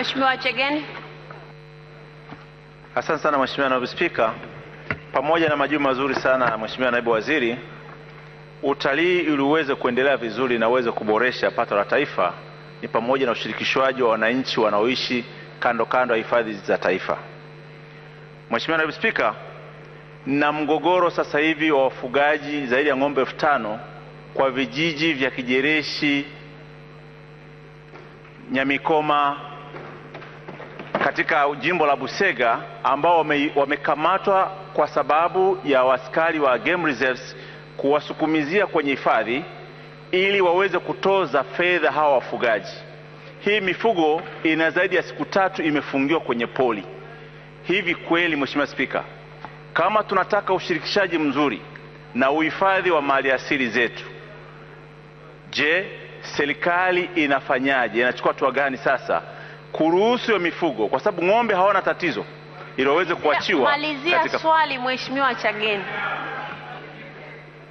Mheshimiwa Chegeni. Asante sana Mheshimiwa Naibu Spika, pamoja na majibu mazuri sana Mheshimiwa Naibu Waziri, utalii ili uweze kuendelea vizuri na uweze kuboresha pato la taifa ni pamoja na ushirikishwaji wa wananchi wanaoishi kando kando ya hifadhi za taifa. Mheshimiwa Naibu Spika, na mgogoro sasa hivi wa wafugaji zaidi ya ng'ombe elfu tano kwa vijiji vya Kijereshi, Nyamikoma katika jimbo la Busega ambao wamekamatwa wame kwa sababu ya askari wa game reserves kuwasukumizia kwenye hifadhi ili waweze kutoza fedha hawa wafugaji. Hii mifugo ina zaidi ya siku tatu imefungiwa kwenye poli. Hivi kweli, Mheshimiwa Spika, kama tunataka ushirikishaji mzuri na uhifadhi wa asili zetu, je, serikali inafanyaje? Inachukua hatua gani sasa kuruhusu hiyo mifugo, kwa sababu ng'ombe hawana tatizo, ili waweze kuachiwa. Malizia katika... swali Mheshimiwa Chageni.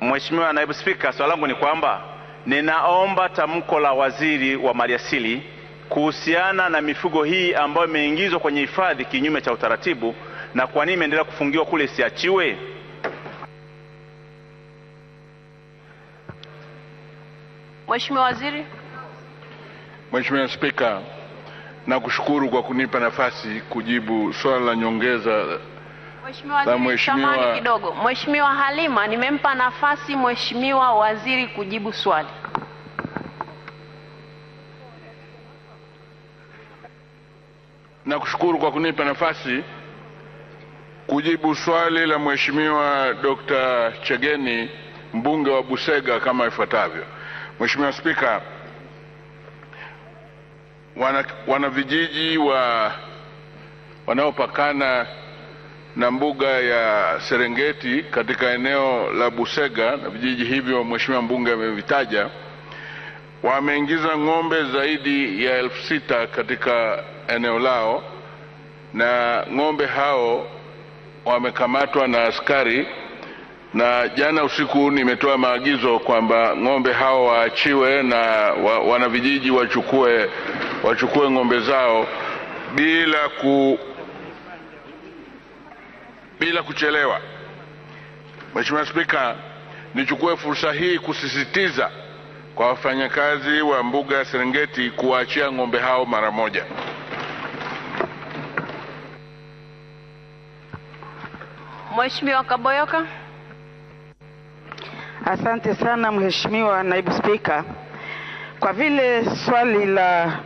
Mheshimiwa Naibu Spika, swali langu ni kwamba ninaomba tamko la waziri wa maliasili kuhusiana na mifugo hii ambayo imeingizwa kwenye hifadhi kinyume cha utaratibu, na kwa nini imeendelea kufungiwa kule isiachiwe? Mheshimiwa Waziri. Mheshimiwa Spika, na kushukuru kwa kunipa nafasi kujibu swala la nyongeza la mheshimiwa kidogo. Mheshimiwa Halima, nimempa nafasi mheshimiwa waziri kujibu swali. Nakushukuru kwa kunipa nafasi kujibu swali la mheshimiwa Dr. Chegeni mbunge wa Busega kama ifuatavyo. Mheshimiwa Spika, wana, wana vijiji wa wanaopakana na mbuga ya Serengeti katika eneo la Busega na vijiji hivyo mheshimiwa mbunge amevitaja, wameingiza ng'ombe zaidi ya elfu sita katika eneo lao, na ng'ombe hao wamekamatwa na askari, na jana usiku nimetoa maagizo kwamba ng'ombe hao waachiwe na wa, wanavijiji wachukue wachukue ng'ombe zao bila ku bila kuchelewa. Mheshimiwa Spika, nichukue fursa hii kusisitiza kwa wafanyakazi wa mbuga ya Serengeti kuwaachia ng'ombe hao mara moja. Mheshimiwa Kaboyoka. Asante sana Mheshimiwa Naibu Spika, kwa vile swali la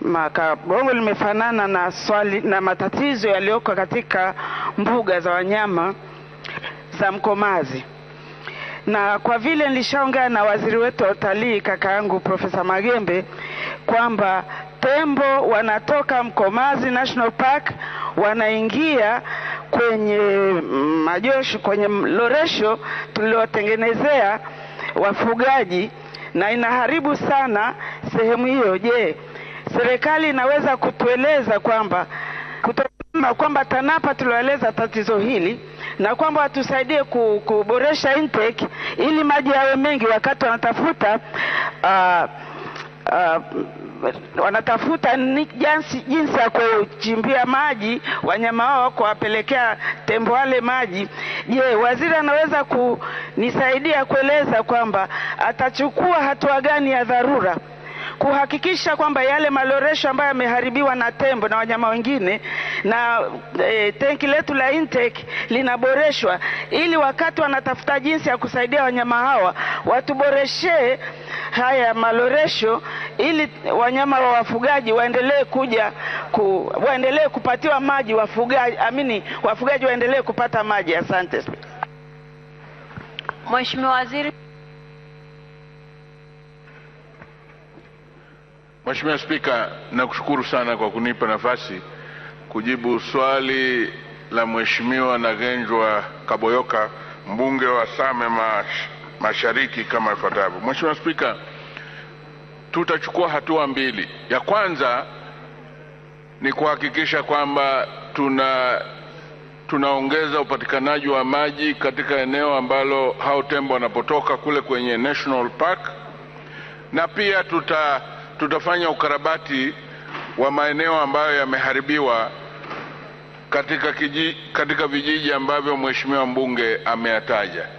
Makabogo limefanana na swali na matatizo yaliyoko katika mbuga za wanyama za Mkomazi, na kwa vile nilishaongea na waziri wetu wa utalii kaka yangu Profesa Magembe kwamba tembo wanatoka Mkomazi National Park wanaingia kwenye majosho kwenye loresho tuliotengenezea wafugaji na inaharibu sana sehemu hiyo. Je, serikali inaweza kutueleza kwamba kutokana kwamba TANAPA tulieleza tatizo hili na kwamba watusaidie kuboresha intake ili maji yawe mengi wakati wanatafuta uh, uh, wanatafuta ni jinsi, jinsi ya kuchimbia maji wanyama wao kuwapelekea tembo wale maji. Je, waziri anaweza kunisaidia kueleza kwamba atachukua hatua gani ya dharura kuhakikisha kwamba yale maloresho ambayo yameharibiwa na tembo na wanyama wengine na e, tenki letu la intake linaboreshwa ili wakati wanatafuta jinsi ya kusaidia wanyama hawa watuboreshe haya maloresho ili wanyama wa wafugaji waendelee kuja ku, waendelee kupatiwa maji wafugaji, amini, wafugaji waendelee kupata maji. Asante Mheshimiwa Waziri. Mheshimiwa Spika, nakushukuru sana kwa kunipa nafasi kujibu swali la Mheshimiwa Nagenjwa Kaboyoka mbunge wa Same Mash, Mashariki kama ifuatavyo. Mheshimiwa Spika, tutachukua hatua mbili. Ya kwanza ni kuhakikisha kwamba tuna tunaongeza upatikanaji wa maji katika eneo ambalo hao tembo wanapotoka kule kwenye National Park na pia tuta tutafanya ukarabati wa maeneo ambayo yameharibiwa katika, katika vijiji ambavyo mheshimiwa mbunge ameyataja.